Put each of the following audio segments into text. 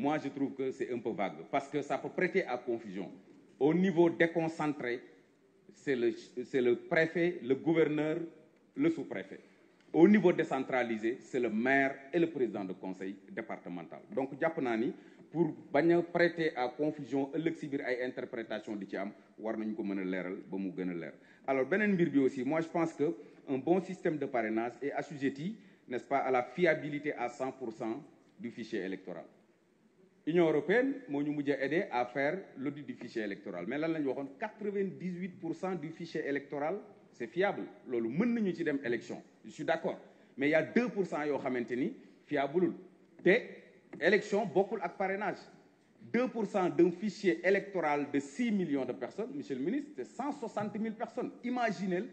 moi je trouve que c'est un peu vague parce que ça peut prêter à confusion. Au niveau déconcentré, c'est le, c'est le préfet, le gouverneur, le sous-préfet. Au niveau décentralisé, c'est le maire et le président de conseil départemental. Donc jàpp naa ni pour bañ a prêter à confusion ëllëg si biir ay interprétation di ci am war nañu ko mën a leeral ba mu gën a leer alors beneen mbir bi aussi moi je pense que un bon système de parrainage est assujetti n'est-ce pas à la fiabilité à 100% du fichier électoral Union européenne moo ñu mujj a aidé à faire l'audit du fichier électoral mais lan la ñu waxoon quatre-vingt-dix-huit pour cent du fichier électoral c'est fiable loolu mën nañu ci dem élection je suis d'accord mais il pour cent yoo xamante ni fiablul te élection bokkul ak parrainage deux pour cent d'un fichier électoral de six millions de personnes monsieur le ministre c'est cent soixante mille personnes imaginez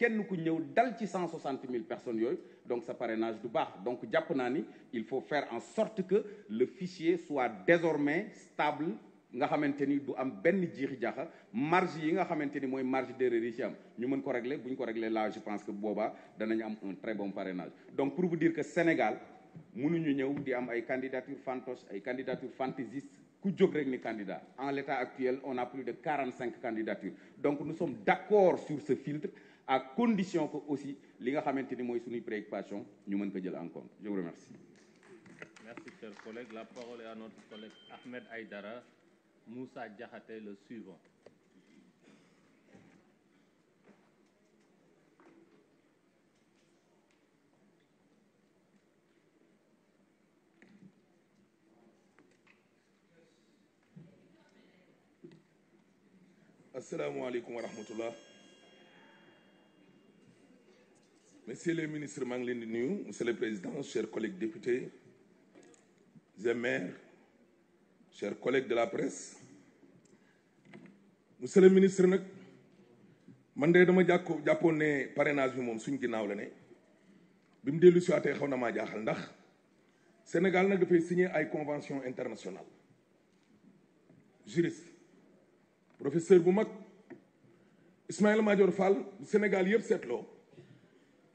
kenn ku ñëw dal ci cent soixante mille personnes yooyu donc sa parrainage du baax donc jàpp naa ni il faut faire en sorte que le fichier soit désormais stable nga xamante ni du am benn jiixi jaaxa marge yi nga xamante ni mooy marge d'erreur yi am ñu mën ko regle bu ko régler là je pense que booba danañu am un très bon parrainage donc pour vous dire que Sénégal mënuñu ñëw di am ay candidature fantoche ay candidature fantaisiste ku jóg rek ni candidat en l'état actuel on a plus de quarante cinq candidatures donc nous sommes d'accord sur ce à condition que aussi li nga xamante ni mooy suñuy préoccupation ñu mën ko jël en compte je vous remercie. merci cher collègue la parole est à notre collègue Ahmed Aïdara Moussa Diakhaté le suivant. asalaamaaleykum wa rahmatullah messieurs les ministres maa ngi leen di nuyu monsieur le président chers collègues députés et maires chers collègues de la presse monsieur le ministre nag man de dama jàkko jàppoon ne parrainage bi moom suñ ginnaaw la ne bi mu dellu si waatee xaw na maa jaaxal ndax Sénégal nag dafay signé ay convention internationale juriste professeur bu mag Ismaïla Madior Fall Sénégal yëpp seetloo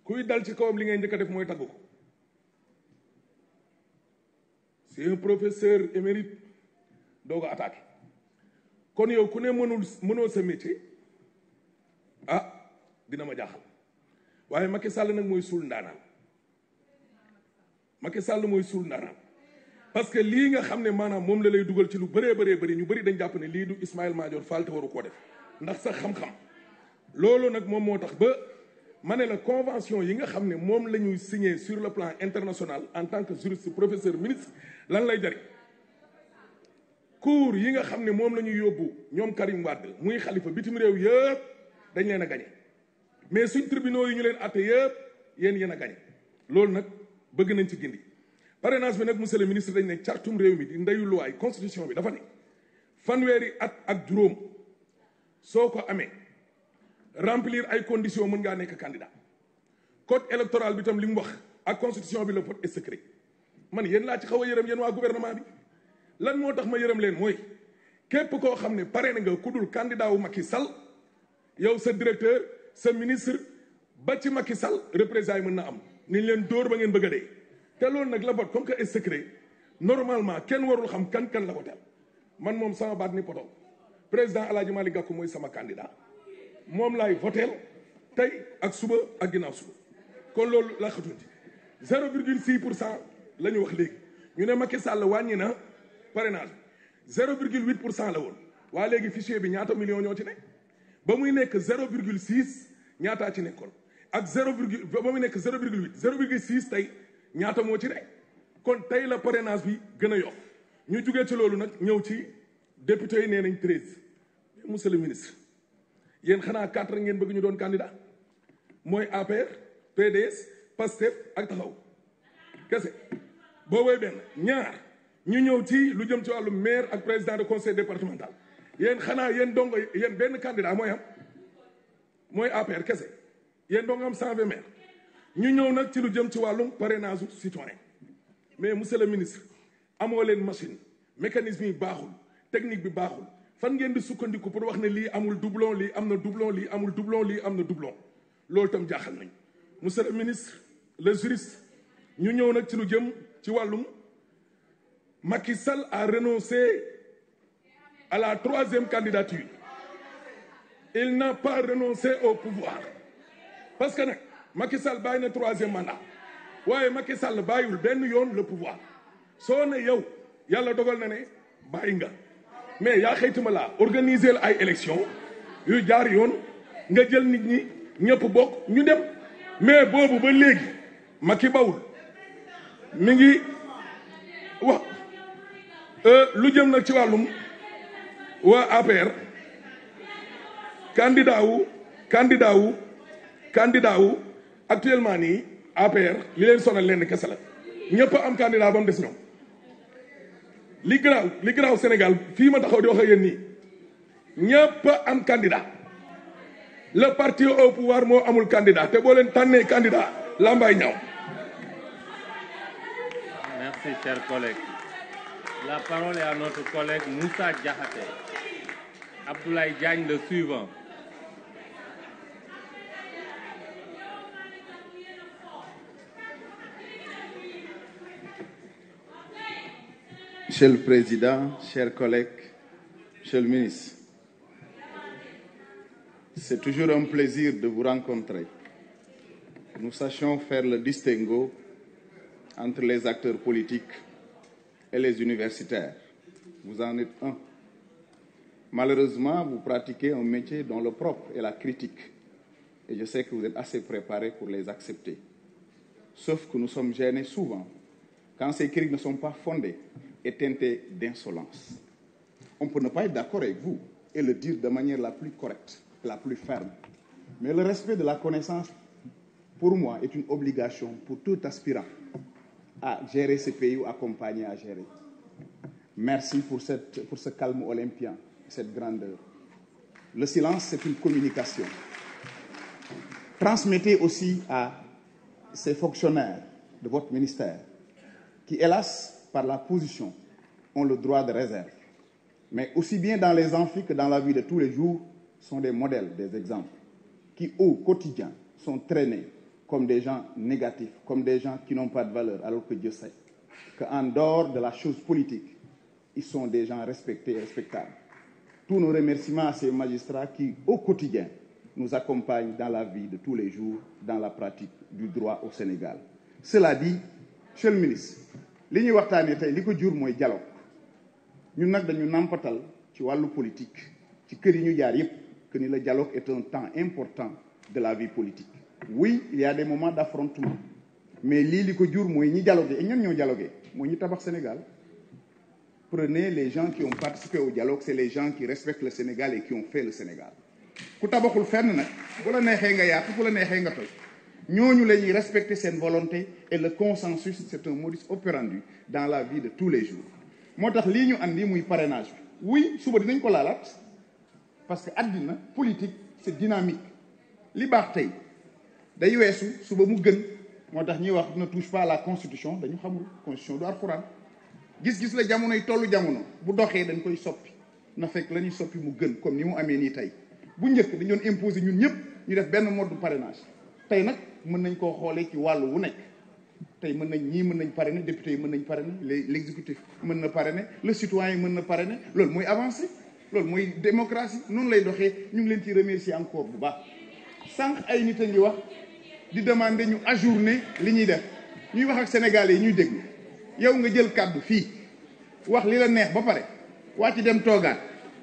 kuy dal ci kawam li ngay njëkk a def mooy tagg ko c'est un professeur émérite doo ko attaqué kon yow ku ne mënul mënoo sa métier ah dina ma jaaxal waaye Macky Sall nag mooy suul ndaanaan Macky Sall mooy suul ndaanaan parce que lii nga xam ne maanaam moom la lay dugal ci lu bëree bëree bëri ñu bari dañ jàpp ne lii du Ismaïla Madior Fall waru koo def ndax sax xam-xam loolu nag moom moo tax ba ma ne la convention yi nga xam ne moom la ñuy signé sur le plan international en tant que juriste professeur ministre lan lay jariñ cours yi nga xam ne moom la ñuy yóbbu ñoom Karim Wade muy xalifa bitim réew yëpp dañ leen a gañe mais suñ tribunaux yi ñu leen atte yëpp yéen yéen a gañe loolu nag bëgg nañ ci gindi parrainage bi nag monsieur le ministre dañ ne cartum réew mi di ndeyu luwaay constitution bi dafa ne fanweeri at ak juróom soo ko amee remplir ay conditions mën ngaa nekk candidat code électoral bi tam li mu wax ak constitution bi la vote est secret man yéen laa ci xaw a yërëm yéen waa gouvernement bi lan moo tax ma yërëm leen mooy képp koo xam ne pare na nga ku dul candidat wu Macky sal yow sa directeur sa ministre ba ci sal Sall représailles mën na am ni leen dóor ba ngeen bëgg a dee te loolu nag la vote comme que est normalement kenn warul xam kan kan la ko teel man moom sama baat ni poto président El Hadj Malick mooy sama candidat. moom laay voteel tey ak suba ak ginnaaw suba kon loolu la xatundi zéro virgule six pour cent la ñu wax léegi ñu ne Macky Sall wàññi na parrainage zéro virgule huit pour cent la woon waa léegi fichier bi ñaata million ñoo ci nekk ba muy nekk zéro virgule six ñaataa ci nekkoon ak zéro virgule ba muy nekk zéro virgule huit tey ñaata moo ci nekk kon tey la parrainage bi gën a yokk ñu jugee ci loolu nag ñëw ci député yi nee nañ treize monsieur le ministre yéen xanaa quatre ngeen bëgg ñu doon candidat mooy APR PDS PASTEF ak taxaw kese boobooy benn ñaar ñu ñëw ci lu jëm ci wàllu maire ak président de conseil départemental yéen xanaa yéen dong yéen benn candidat mooy am mooy APR kese yéen dong am cent vingt maire ñu ñëw nag ci lu jëm ci wàllum parrainage citoyen mais monsieur le ministre amoo leen machine mécanisme yi baaxul technique bi baaxul fan ngeen di sukkandiku pour wax ne lii amul doublon lii am na doublon lii amul doublon lii am na doublon loolu tam jaaxal nañ monsieur le ministre le juriste ñu ñëw nag ci lu jëm ci wàllum Macky Sall a renoncé à la troisième candidature il n'a pas renoncé au pouvoir parce que nag Macky Sall bàyyi na troisième mandat waaye Macky Sall bàyyiwul benn yoon le pouvoir soo ne yow yàlla dogal na ne bàyyi nga mais yaa xëytuma laa organiser la ay élection yu jaar yoon nga jël nit ñi ñëpp bokk ñu dem mais boobu ba léegi Macky bawul mi ngi wax euh, lu jëm na ci wàllum wa APR candidat wu candidat wu candidat wu actuellement nii APR li leen sonal leen kese la ñëpp am candidat ba mu des ñoom li garaaw li garaaw Sénégal fii ma taxaw di wax ak yéen nii am candidat le parti au pouvoir moo amul candidat te boo leen tànnee candidat lambay ñaaw. cher collègue la parole le suivant. Monsieur le Président, chers collègues, Monsieur le Ministre, c'est toujours un plaisir de vous rencontrer. Nous sachons faire le distinguo entre les acteurs politiques et les universitaires. Vous en êtes un. Malheureusement, vous pratiquez un métier dont le propre et la critique. Et je sais que vous êtes assez préparé pour les accepter. Sauf que nous sommes gênés souvent quand ces critiques ne sont pas fondées est teintée d'insolence. On peut ne pas être d'accord avec vous et le dire de manière la plus correcte, la plus ferme. Mais le respect de la connaissance, pour moi, est une obligation pour tout aspirant à gérer ce pays ou accompagner à gérer. Merci pour, cette, pour ce calme olympien, cette grandeur. Le silence, c'est une communication. Transmettez aussi à ces fonctionnaires de votre ministère qui, hélas, par la position ont le droit de réserve, mais aussi bien dans les amphis que dans la vie de tous les jours, sont des modèles, des exemples, qui au quotidien sont traînés comme des gens négatifs, comme des gens qui n'ont pas de valeur, alors que Dieu sait qu'en dehors de la chose politique, ils sont des gens respectés et respectables. Tous nos remerciements à ces magistrats qui, au quotidien, nous accompagnent dans la vie de tous les jours, dans la pratique du droit au Sénégal. Cela dit, Monsieur le ministre, li ñuy waxtaanee tey li ko jur mooy dialogue ñun nag dañu nàmpatal ci wàllu politique ci kër yi ñu jaar yépp que ni la dialogue est un temps important de la vie politique. oui il y a d'affrontement mais lii li ko jur mooy ñi dialogué et ñan ñoo dialogué mooy ñi tabax Sénégal prenez les gens qui ont participé au dialogue c'est les gens qui respectent le Sénégal et qui ont fait le Sénégal ku tabaxul fenn nag bu la neexee nga yaatu bu la neexee nga toj. ñooñu la ñuy respecter seen volonté et le consensus c'est un modus operandi dans la vie de tous les jours moo tax lii ñu andi muy parrainage bi oui suba dinañ ko laalaat parce que àddina politique c'est dynamique li baax tey day weesu suba mu gën moo tax ñuy wax ne touche pas la constitution dañu xamul constitution du alxuraan gis-gis la jamonoy tollu jamono bu doxee dañ koy soppi na fekk la ñuy soppi mu gën comme ni mu amee nii tey bu njëkk dañ doon ñun ñëpp ñu def benn mode du tey nag mën nañ koo xoolee ci wàll wu nekk tey mën nañ ñii mën nañ parrainer député yi mën nañ pare parrainer l'exécutif mën na pare parrainer le citoyen mën na parrainer loolu mooy avancé loolu muy démocratie noonu lay doxee ñu ngi leen ciy remercier encore bu baax sànq ay nit a ngi wax di demander ñu ajourner li ñuy def ñuy wax ak sénégalais yi ñuy déglu yow nga jël kàddu fii wax li la neex ba pare ci dem toogaat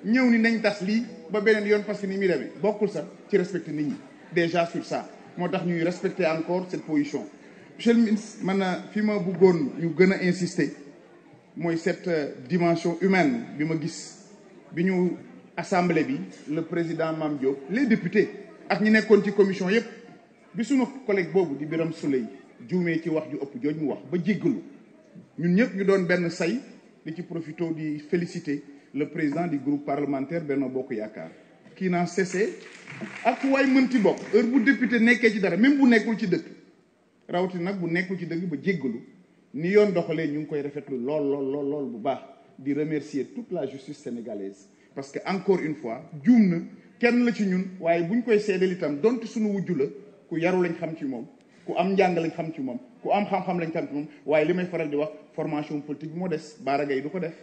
ñëw ni nañ tas lii ba beneen yoon parce que ni muy demee bokkul sax ci respecter nit ñi déjà moo tax ñuy respecter encore cette position monsieur le ministre man na fi ma bëggoon ñu gën a insister mooy cette euh, dimension humaine bi ma gis bi ñu assemblée bi le président mam Diop les député ak ñi nekkoon ci commission yépp bi suma collègue boobu di Birame Souleye juumee ci wax ju ëpp jooj mu wax ba jéggalu ñun ñëpp ñu doon benn say li ci profito di féliciter le président du groupe parlementaire Benno Bokk Yaakaar kii naa cessé ak waay mënti bokk heure bu député nekkee ci dara même bu nekkul ci dëkk rawatina nag bu nekkul ci dëkk ba jéggalu ni yoon doxalee ñu ngi koy rafetlu lool lool lool lool bu baax di remercier toute la justice sénégalaise parce que encore une fois juum na kenn la ci ñun waaye bu ñu koy seedeel itam dont suñu wujju la ku yaru lañ xam ci moom ku am njàng lañ xam ci moom ku am xam-xam lañ xam ci moom waaye li may faral di wax formation politique bi moo des Bara Gaye du ko def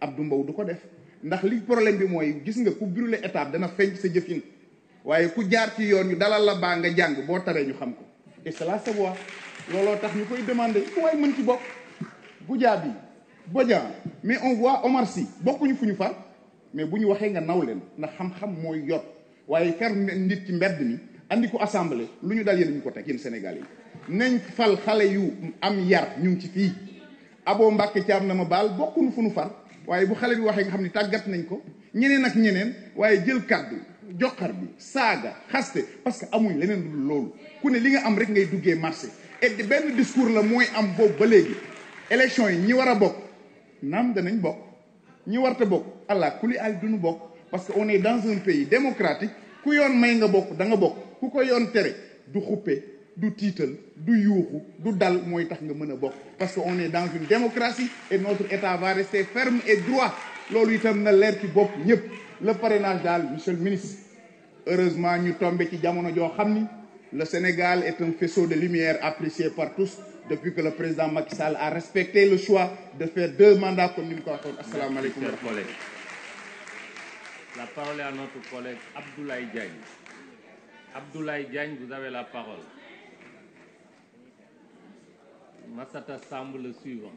Abdou Mbow du ko def ndax li problème bi mooy gis nga ku brûler étape dana feeñ sa jëfin waaye ku jaar ci yoon ñu dalal la baa nga jàng boo taree ñu xam ko et cela se looloo tax ñu koy demandé ku waay mën ci bokk bi Bodian mais on voit Omar bokkuñu fu ñu far mais bu ñu waxee nga naw leen ndax xam-xam mooy yor waaye fer nit ci mbedd mi andi ko assemblée lu ñu dal yéen ñu ko teg yéen Sénégal yi nañ fal xale yu am yar ñu ngi ci fii Abo Mbàkke Caam na ma baal bokkuñu fu ñu far waaye bu xale bi waxee nga xam ne tàggat nañ ko ñeneen ak ñeneen waaye jël kàddu joxar bi saaga xaste parce que amuñ leneen lu loolu ku ne li nga am rek ngay duggee marché et benn discours la mooy am boobu ba léegi élection yi ñi war a bokk naam danañ bokk ñi warta bokk allah kuli al duñu bokk parce que on est dans un pays démocratique ku yoon may nga bokk da nga bokk ku ko yoon tere du xuppe du tiital du yuuxu du dal mooy tax nga mën a bokk parce que on est dans une démocratie et notre état va rester ferme et droit loolu itam na leer ci bopp ñëpp le parrainage daal monsieur le ministre heureusement ñu tombe ci jamono joo xam ni le Sénégal est un faisceau de lumière apprécié par tous depuis que le président Macky Sall a respecté le choix de faire deux mandats comme ni mu ko waxoon asalaamaaleykum wa rahmatulah. La parole vous avez la parole. masata semble le suivant.